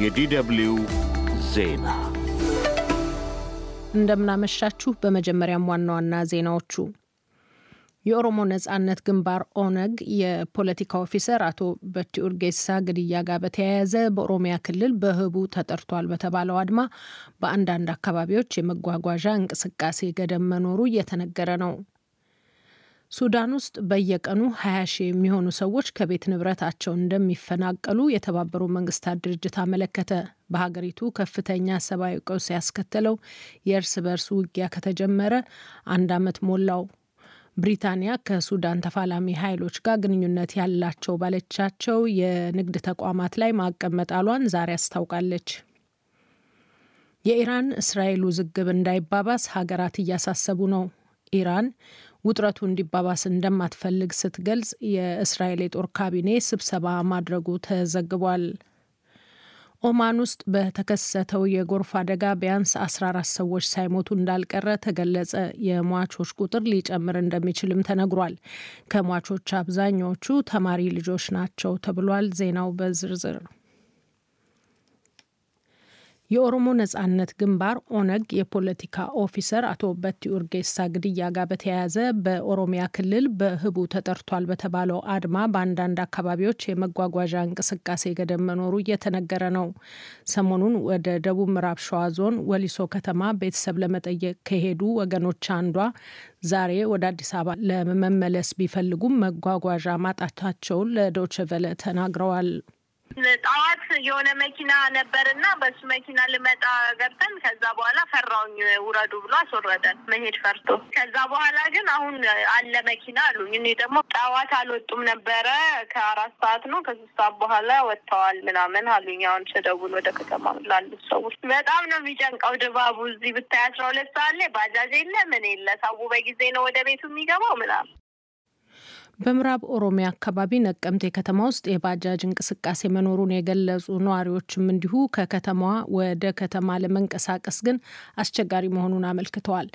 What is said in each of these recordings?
የዲደብሊው ዜና እንደምናመሻችሁ። በመጀመሪያም ዋና ዋና ዜናዎቹ የኦሮሞ ነጻነት ግንባር ኦነግ የፖለቲካ ኦፊሰር አቶ በቲ ኡርጌሳ ግድያ ጋር በተያያዘ በኦሮሚያ ክልል በህቡ ተጠርቷል በተባለው አድማ በአንዳንድ አካባቢዎች የመጓጓዣ እንቅስቃሴ ገደብ መኖሩ እየተነገረ ነው። ሱዳን ውስጥ በየቀኑ 20 ሺህ የሚሆኑ ሰዎች ከቤት ንብረታቸው እንደሚፈናቀሉ የተባበሩ መንግስታት ድርጅት አመለከተ። በሀገሪቱ ከፍተኛ ሰብአዊ ቀውስ ያስከተለው የእርስ በርስ ውጊያ ከተጀመረ አንድ ዓመት ሞላው። ብሪታንያ ከሱዳን ተፋላሚ ኃይሎች ጋር ግንኙነት ያላቸው ባለቻቸው የንግድ ተቋማት ላይ ማዕቀብ መጣሏን ዛሬ አስታውቃለች። የኢራን እስራኤል ውዝግብ እንዳይባባስ ሀገራት እያሳሰቡ ነው። ኢራን ውጥረቱ እንዲባባስ እንደማትፈልግ ስትገልጽ የእስራኤል የጦር ካቢኔ ስብሰባ ማድረጉ ተዘግቧል። ኦማን ውስጥ በተከሰተው የጎርፍ አደጋ ቢያንስ 14 ሰዎች ሳይሞቱ እንዳልቀረ ተገለጸ። የሟቾች ቁጥር ሊጨምር እንደሚችልም ተነግሯል። ከሟቾች አብዛኛዎቹ ተማሪ ልጆች ናቸው ተብሏል። ዜናው በዝርዝር የኦሮሞ ነጻነት ግንባር ኦነግ የፖለቲካ ኦፊሰር አቶ በቲ ኡርጌሳ ግድያ ጋር በተያያዘ በኦሮሚያ ክልል በህቡ ተጠርቷል በተባለው አድማ በአንዳንድ አካባቢዎች የመጓጓዣ እንቅስቃሴ ገደብ መኖሩ እየተነገረ ነው። ሰሞኑን ወደ ደቡብ ምዕራብ ሸዋ ዞን ወሊሶ ከተማ ቤተሰብ ለመጠየቅ ከሄዱ ወገኖች አንዷ ዛሬ ወደ አዲስ አበባ ለመመለስ ቢፈልጉም መጓጓዣ ማጣታቸውን ለዶችቨለ ተናግረዋል። ጠዋት የሆነ መኪና ነበርና በሱ መኪና ልመጣ ገብተን ከዛ በኋላ ፈራውኝ ውረዱ ብሎ አስወረደን መሄድ ፈርቶ። ከዛ በኋላ ግን አሁን አለ መኪና አሉኝ። እኔ ደግሞ ጠዋት አልወጡም ነበረ ከአራት ሰዓት ነው ከሶስት ሰዓት በኋላ ወጥተዋል ምናምን አሉኝ። አሁን ስደውል ወደ ከተማ ላሉ ሰዎች በጣም ነው የሚጨንቀው ድባቡ። እዚህ ብታይ አስራ ሁለት ሰዓት ላይ ባጃጅ የለ ምን የለ። ሰው በጊዜ ነው ወደ ቤቱ የሚገባው ምናምን በምዕራብ ኦሮሚያ አካባቢ ነቀምቴ ከተማ ውስጥ የባጃጅ እንቅስቃሴ መኖሩን የገለጹ ነዋሪዎችም እንዲሁ ከከተማዋ ወደ ከተማ ለመንቀሳቀስ ግን አስቸጋሪ መሆኑን አመልክተዋል።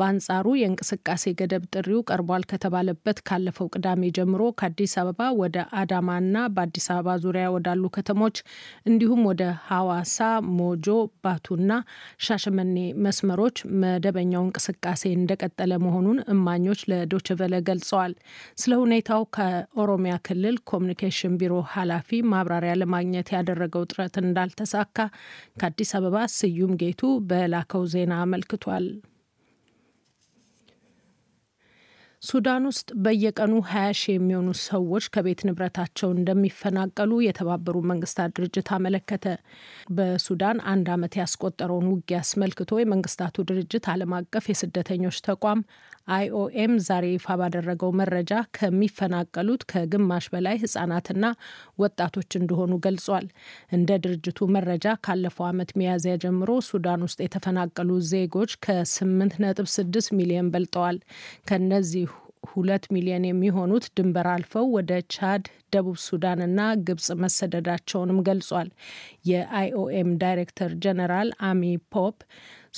በአንጻሩ የእንቅስቃሴ ገደብ ጥሪው ቀርቧል ከተባለበት ካለፈው ቅዳሜ ጀምሮ ከአዲስ አበባ ወደ አዳማና በአዲስ አበባ ዙሪያ ወዳሉ ከተሞች እንዲሁም ወደ ሐዋሳ፣ ሞጆ፣ ባቱና ሻሸመኔ መስመሮች መደበኛው እንቅስቃሴ እንደቀጠለ መሆኑን እማኞች ለዶችቨለ ገልጸዋል። ስለ ሁኔታው ከኦሮሚያ ክልል ኮሚኒኬሽን ቢሮ ኃላፊ ማብራሪያ ለማግኘት ያደረገው ጥረት እንዳልተሳካ ከአዲስ አበባ ስዩም ጌቱ በላከው ዜና አመልክቷል። ሱዳን ውስጥ በየቀኑ ሀያ ሺህ የሚሆኑ ሰዎች ከቤት ንብረታቸው እንደሚፈናቀሉ የተባበሩ መንግስታት ድርጅት አመለከተ። በሱዳን አንድ ዓመት ያስቆጠረውን ውጊያ አስመልክቶ የመንግስታቱ ድርጅት ዓለም አቀፍ የስደተኞች ተቋም አይኦኤም ዛሬ ይፋ ባደረገው መረጃ ከሚፈናቀሉት ከግማሽ በላይ ህጻናትና ወጣቶች እንደሆኑ ገልጿል። እንደ ድርጅቱ መረጃ ካለፈው ዓመት ሚያዝያ ጀምሮ ሱዳን ውስጥ የተፈናቀሉ ዜጎች ከ8.6 ሚሊዮን በልጠዋል። ከነዚህ ሁለት ሚሊዮን የሚሆኑት ድንበር አልፈው ወደ ቻድ፣ ደቡብ ሱዳንና ግብጽ መሰደዳቸውንም ገልጿል። የአይኦኤም ዳይሬክተር ጀነራል አሚ ፖፕ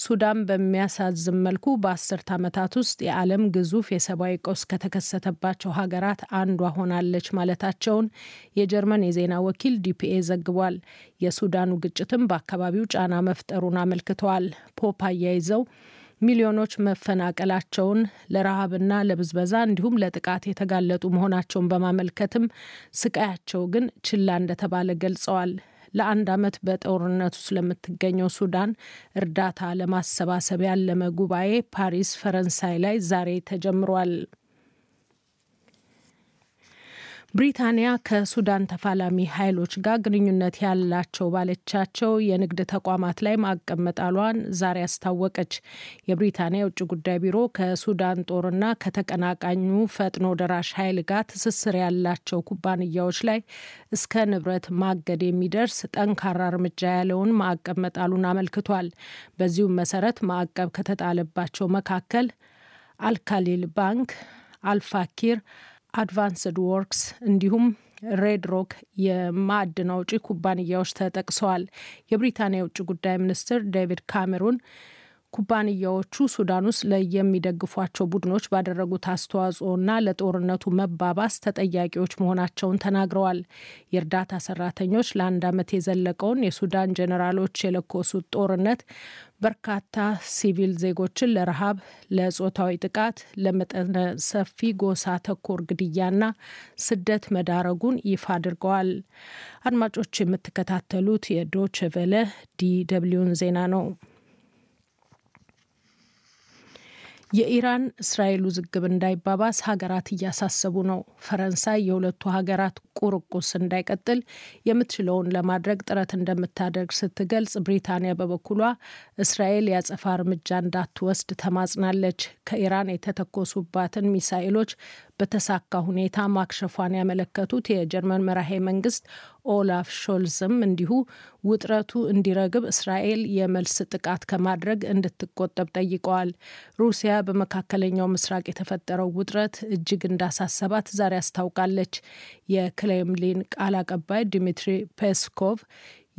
ሱዳን በሚያሳዝን መልኩ በአስርት ዓመታት ውስጥ የዓለም ግዙፍ የሰብአዊ ቀውስ ከተከሰተባቸው ሀገራት አንዷ ሆናለች ማለታቸውን የጀርመን የዜና ወኪል ዲፒኤ ዘግቧል። የሱዳኑ ግጭትም በአካባቢው ጫና መፍጠሩን አመልክተዋል። ፖፕ አያይዘው ሚሊዮኖች መፈናቀላቸውን ለረሃብና ለብዝበዛ እንዲሁም ለጥቃት የተጋለጡ መሆናቸውን በማመልከትም ስቃያቸው ግን ችላ እንደተባለ ገልጸዋል። ለአንድ ዓመት በጦርነቱ ስለምትገኘው ሱዳን እርዳታ ለማሰባሰብ ያለመ ጉባኤ ፓሪስ፣ ፈረንሳይ ላይ ዛሬ ተጀምሯል። ብሪታንያ ከሱዳን ተፋላሚ ኃይሎች ጋር ግንኙነት ያላቸው ባለቻቸው የንግድ ተቋማት ላይ ማዕቀብ መጣሏን ዛሬ አስታወቀች። የብሪታንያ የውጭ ጉዳይ ቢሮ ከሱዳን ጦርና ከተቀናቃኙ ፈጥኖ ደራሽ ኃይል ጋር ትስስር ያላቸው ኩባንያዎች ላይ እስከ ንብረት ማገድ የሚደርስ ጠንካራ እርምጃ ያለውን ማዕቀብ መጣሉን አመልክቷል። በዚሁም መሰረት ማዕቀብ ከተጣለባቸው መካከል አልካሊል ባንክ፣ አልፋኪር አድቫንስድ ወርክስ እንዲሁም ሬድ ሮክ የማዕድን አውጪ ኩባንያዎች ተጠቅሰዋል። የብሪታንያ የውጭ ጉዳይ ሚኒስትር ዴቪድ ካሜሩን ኩባንያዎቹ ሱዳን ውስጥ ለየሚደግፏቸው ቡድኖች ባደረጉት አስተዋጽኦና ለጦርነቱ መባባስ ተጠያቂዎች መሆናቸውን ተናግረዋል። የእርዳታ ሰራተኞች ለአንድ ዓመት የዘለቀውን የሱዳን ጀኔራሎች የለኮሱት ጦርነት በርካታ ሲቪል ዜጎችን ለረሃብ፣ ለጾታዊ ጥቃት፣ ለመጠነ ሰፊ ጎሳ ተኮር ግድያና ስደት መዳረጉን ይፋ አድርገዋል። አድማጮች የምትከታተሉት የዶችቨለ ዲ ዜና ነው። የኢራን እስራኤል ውዝግብ እንዳይባባስ ሀገራት እያሳሰቡ ነው። ፈረንሳይ የሁለቱ ሀገራት ቁርቁስ እንዳይቀጥል የምትችለውን ለማድረግ ጥረት እንደምታደርግ ስትገልጽ፣ ብሪታንያ በበኩሏ እስራኤል የአጸፋ እርምጃ እንዳትወስድ ተማጽናለች። ከኢራን የተተኮሱባትን ሚሳኤሎች በተሳካ ሁኔታ ማክሸፏን ያመለከቱት የጀርመን መራሄ መንግስት ኦላፍ ሾልዝም እንዲሁ ውጥረቱ እንዲረግብ እስራኤል የመልስ ጥቃት ከማድረግ እንድትቆጠብ ጠይቀዋል። ሩሲያ በመካከለኛው ምስራቅ የተፈጠረው ውጥረት እጅግ እንዳሳሰባት ዛሬ አስታውቃለች። የክሬምሊን ቃል አቀባይ ዲሚትሪ ፔስኮቭ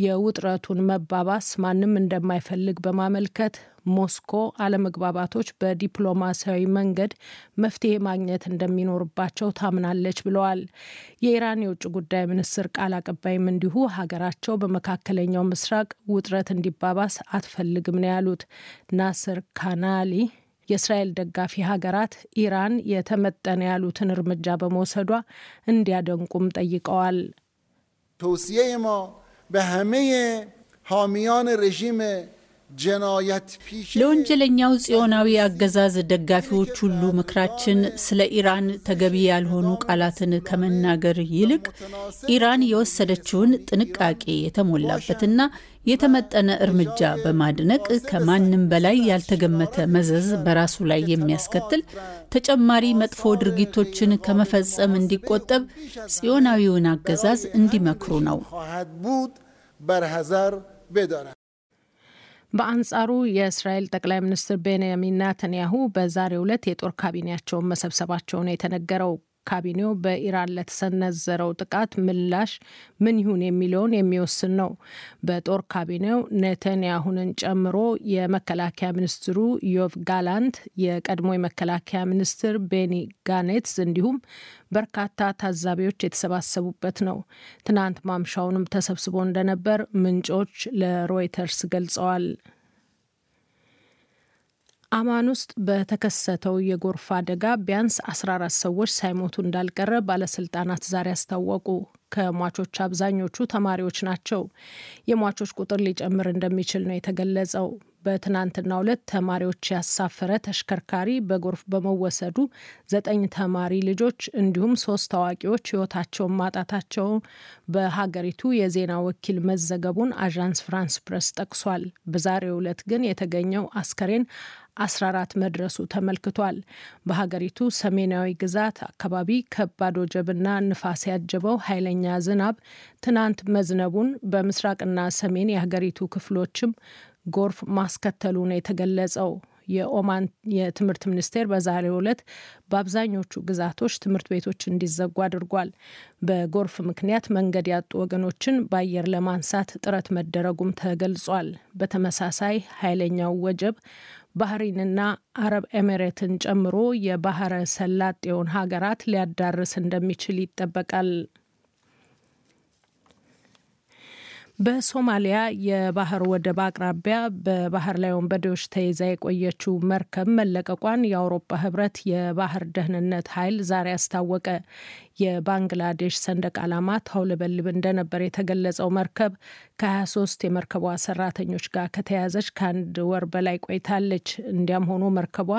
የውጥረቱን መባባስ ማንም እንደማይፈልግ በማመልከት ሞስኮ አለመግባባቶች በዲፕሎማሲያዊ መንገድ መፍትሄ ማግኘት እንደሚኖርባቸው ታምናለች ብለዋል። የኢራን የውጭ ጉዳይ ሚኒስትር ቃል አቀባይም እንዲሁ ሀገራቸው በመካከለኛው ምስራቅ ውጥረት እንዲባባስ አትፈልግም ነው ያሉት። ናስር ካናሊ የእስራኤል ደጋፊ ሀገራት ኢራን የተመጠነ ያሉትን እርምጃ በመውሰዷ እንዲያደንቁም ጠይቀዋል። ተውሲየ ማ በሀሜ ሐሚያን ረዥም ለወንጀለኛው ጽዮናዊ አገዛዝ ደጋፊዎች ሁሉ ምክራችን ስለ ኢራን ተገቢ ያልሆኑ ቃላትን ከመናገር ይልቅ ኢራን የወሰደችውን ጥንቃቄ የተሞላበትና የተመጠነ እርምጃ በማድነቅ ከማንም በላይ ያልተገመተ መዘዝ በራሱ ላይ የሚያስከትል ተጨማሪ መጥፎ ድርጊቶችን ከመፈጸም እንዲቆጠብ ጽዮናዊውን አገዛዝ እንዲመክሩ ነው። በአንጻሩ የእስራኤል ጠቅላይ ሚኒስትር ቤንያሚን ናተንያሁ በዛሬው ዕለት የጦር ካቢኔያቸውን መሰብሰባቸውን የተነገረው ካቢኔው በኢራን ለተሰነዘረው ጥቃት ምላሽ ምን ይሁን የሚለውን የሚወስን ነው። በጦር ካቢኔው ኔተንያሁንን ጨምሮ የመከላከያ ሚኒስትሩ ዮቭ ጋላንት፣ የቀድሞ የመከላከያ ሚኒስትር ቤኒ ጋኔትስ እንዲሁም በርካታ ታዛቢዎች የተሰባሰቡበት ነው። ትናንት ማምሻውንም ተሰብስቦ እንደነበር ምንጮች ለሮይተርስ ገልጸዋል። አማን ውስጥ በተከሰተው የጎርፍ አደጋ ቢያንስ 14 ሰዎች ሳይሞቱ እንዳልቀረ ባለስልጣናት ዛሬ አስታወቁ። ከሟቾች አብዛኞቹ ተማሪዎች ናቸው። የሟቾች ቁጥር ሊጨምር እንደሚችል ነው የተገለጸው። በትናንትናው ዕለት ተማሪዎች ያሳፈረ ተሽከርካሪ በጎርፍ በመወሰዱ ዘጠኝ ተማሪ ልጆች እንዲሁም ሶስት ታዋቂዎች ህይወታቸውን ማጣታቸው በሀገሪቱ የዜና ወኪል መዘገቡን አዣንስ ፍራንስ ፕረስ ጠቅሷል። በዛሬው ዕለት ግን የተገኘው አስከሬን 14 መድረሱ ተመልክቷል። በሀገሪቱ ሰሜናዊ ግዛት አካባቢ ከባድ ወጀብና ንፋስ ያጀበው ኃይለኛ ዝናብ ትናንት መዝነቡን በምስራቅና ሰሜን የሀገሪቱ ክፍሎችም ጎርፍ ማስከተሉ ነው የተገለጸው። የኦማን የትምህርት ሚኒስቴር በዛሬው ዕለት በአብዛኞቹ ግዛቶች ትምህርት ቤቶች እንዲዘጉ አድርጓል። በጎርፍ ምክንያት መንገድ ያጡ ወገኖችን በአየር ለማንሳት ጥረት መደረጉም ተገልጿል። በተመሳሳይ ኃይለኛው ወጀብ ባህሪንና አረብ ኤሜሬትን ጨምሮ የባህረ ሰላጤውን ሀገራት ሊያዳርስ እንደሚችል ይጠበቃል። በሶማሊያ የባህር ወደብ አቅራቢያ በባህር ላይ ወንበዴዎች ተይዛ የቆየችው መርከብ መለቀቋን የአውሮፓ ህብረት የባህር ደህንነት ኃይል ዛሬ አስታወቀ። የባንግላዴሽ ሰንደቅ ዓላማ ታውለበልብ እንደነበር የተገለጸው መርከብ ከ23 የመርከቧ ሰራተኞች ጋር ከተያዘች ከአንድ ወር በላይ ቆይታለች። እንዲያም ሆኖ መርከቧ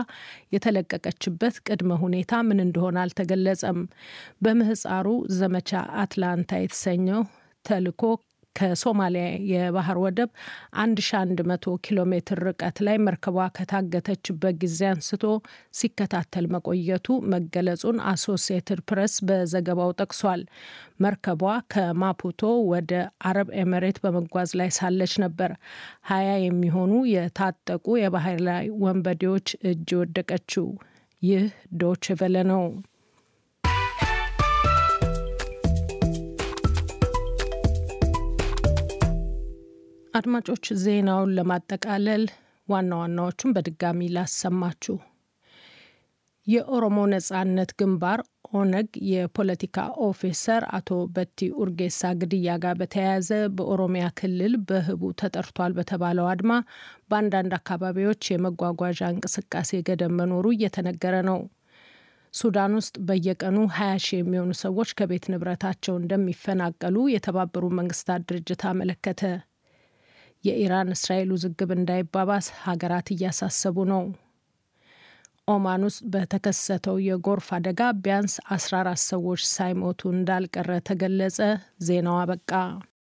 የተለቀቀችበት ቅድመ ሁኔታ ምን እንደሆነ አልተገለጸም። በምህፃሩ ዘመቻ አትላንታ የተሰኘው ተልዕኮ ከሶማሊያ የባህር ወደብ 1100 ኪሎ ሜትር ርቀት ላይ መርከቧ ከታገተችበት ጊዜ አንስቶ ሲከታተል መቆየቱ መገለጹን አሶሲየትድ ፕሬስ በዘገባው ጠቅሷል። መርከቧ ከማፑቶ ወደ አረብ ኤምሬት በመጓዝ ላይ ሳለች ነበር ሀያ የሚሆኑ የታጠቁ የባህር ላይ ወንበዴዎች እጅ ወደቀችው። ይህ ዶችቨለ ነው። አድማጮች ዜናውን ለማጠቃለል ዋና ዋናዎቹን በድጋሚ ላሰማችሁ። የኦሮሞ ነጻነት ግንባር ኦነግ የፖለቲካ ኦፊሰር አቶ በቲ ኡርጌሳ ግድያ ጋር በተያያዘ በኦሮሚያ ክልል በህቡ ተጠርቷል በተባለው አድማ በአንዳንድ አካባቢዎች የመጓጓዣ እንቅስቃሴ ገደብ መኖሩ እየተነገረ ነው። ሱዳን ውስጥ በየቀኑ 20 ሺህ የሚሆኑ ሰዎች ከቤት ንብረታቸው እንደሚፈናቀሉ የተባበሩት መንግስታት ድርጅት አመለከተ። የኢራን እስራኤል ውዝግብ እንዳይባባስ ሀገራት እያሳሰቡ ነው። ኦማን ውስጥ በተከሰተው የጎርፍ አደጋ ቢያንስ 14 ሰዎች ሳይሞቱ እንዳልቀረ ተገለጸ። ዜናው አበቃ።